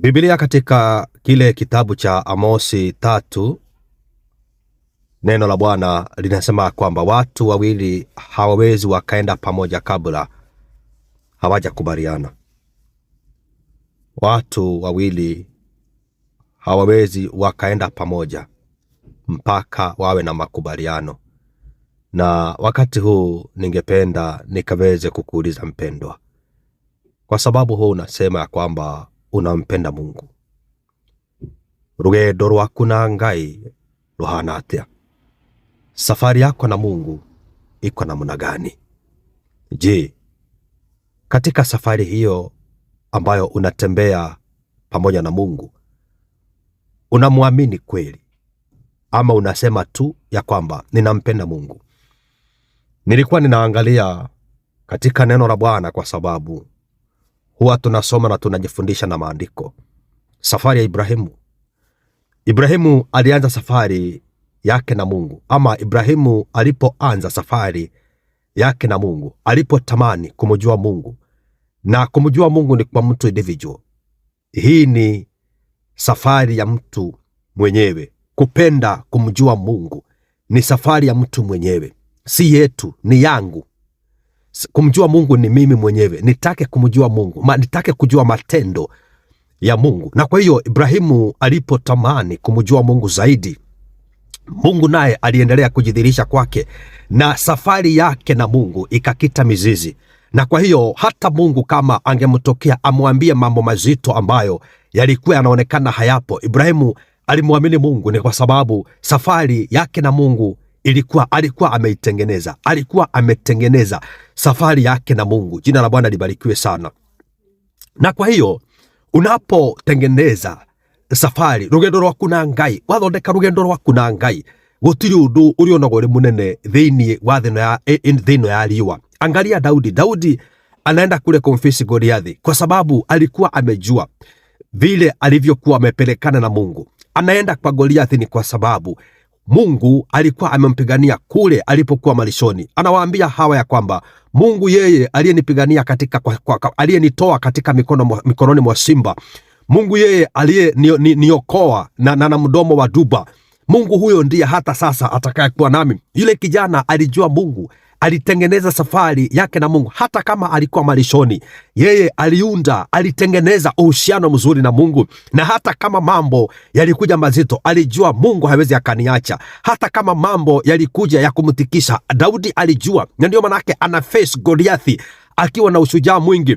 Biblia katika kile kitabu cha Amosi tatu neno la Bwana linasema kwamba watu wawili hawawezi wakaenda pamoja kabla hawajakubaliana. Watu wawili hawawezi wakaenda pamoja mpaka wawe na makubaliano. Na wakati huu ningependa nikaweze kukuuliza mpendwa, kwa sababu huu unasema ya kwamba unampenda Mungu? Rugendo rwaku na Ngai ruhana atia? Safari yako na Mungu iko namna gani? Je, katika safari hiyo ambayo unatembea pamoja na Mungu unamwamini kweli, ama unasema tu ya kwamba ninampenda Mungu? Nilikuwa ninaangalia katika neno la Bwana kwa sababu huwa tunasoma na tunajifundisha na maandiko. Safari ya Ibrahimu. Ibrahimu alianza safari yake na Mungu, ama Ibrahimu alipoanza safari yake na Mungu, alipotamani kumjua Mungu, na kumjua Mungu ni kwa mtu individual. Hii ni safari ya mtu mwenyewe. Kupenda kumjua Mungu ni safari ya mtu mwenyewe, si yetu, ni yangu Kumjua Mungu ni mimi mwenyewe, nitake kumjua Mungu ma, nitake kujua matendo ya Mungu. Na kwa hiyo Ibrahimu alipotamani kumjua Mungu zaidi, Mungu naye aliendelea kujidhirisha kwake, na safari yake na Mungu ikakita mizizi. Na kwa hiyo hata Mungu kama angemtokea amwambie mambo mazito ambayo yalikuwa yanaonekana hayapo, Ibrahimu alimwamini Mungu ni kwa sababu safari yake na Mungu ilikuwa alikuwa ameitengeneza, alikuwa ametengeneza safari yake na Mungu. Jina la Bwana libarikiwe sana. Na kwa hiyo unapotengeneza safari rugendo rwaku na ngai wathondeka rugendo rwaku na ngai gutiri undu uri urionagwo ri munene thiini wa thino ya riua angalia daudi daudi anaenda kule confess goliathi kwa sababu alikuwa amejua vile alivyokuwa amepelekana na mungu anaenda kwa goliathi ni kwa sababu Mungu alikuwa amempigania kule alipokuwa malishoni. Anawaambia hawa ya kwamba Mungu yeye aliyenipigania katika, aliyenitoa katika mikono, mikononi mwa simba, Mungu yeye aliyeniokoa ni, ni, na, na, na mdomo wa duba, Mungu huyo ndiye hata sasa atakayekuwa nami. Yule kijana alijua Mungu alitengeneza safari yake na Mungu. Hata kama alikuwa malishoni, yeye aliunda, alitengeneza uhusiano mzuri na Mungu, na hata kama mambo yalikuja mazito, alijua Mungu hawezi akaniacha. Hata kama mambo yalikuja ya kumtikisha, Daudi alijua, na ndio maanake ana face Goliathi akiwa na ushujaa mwingi.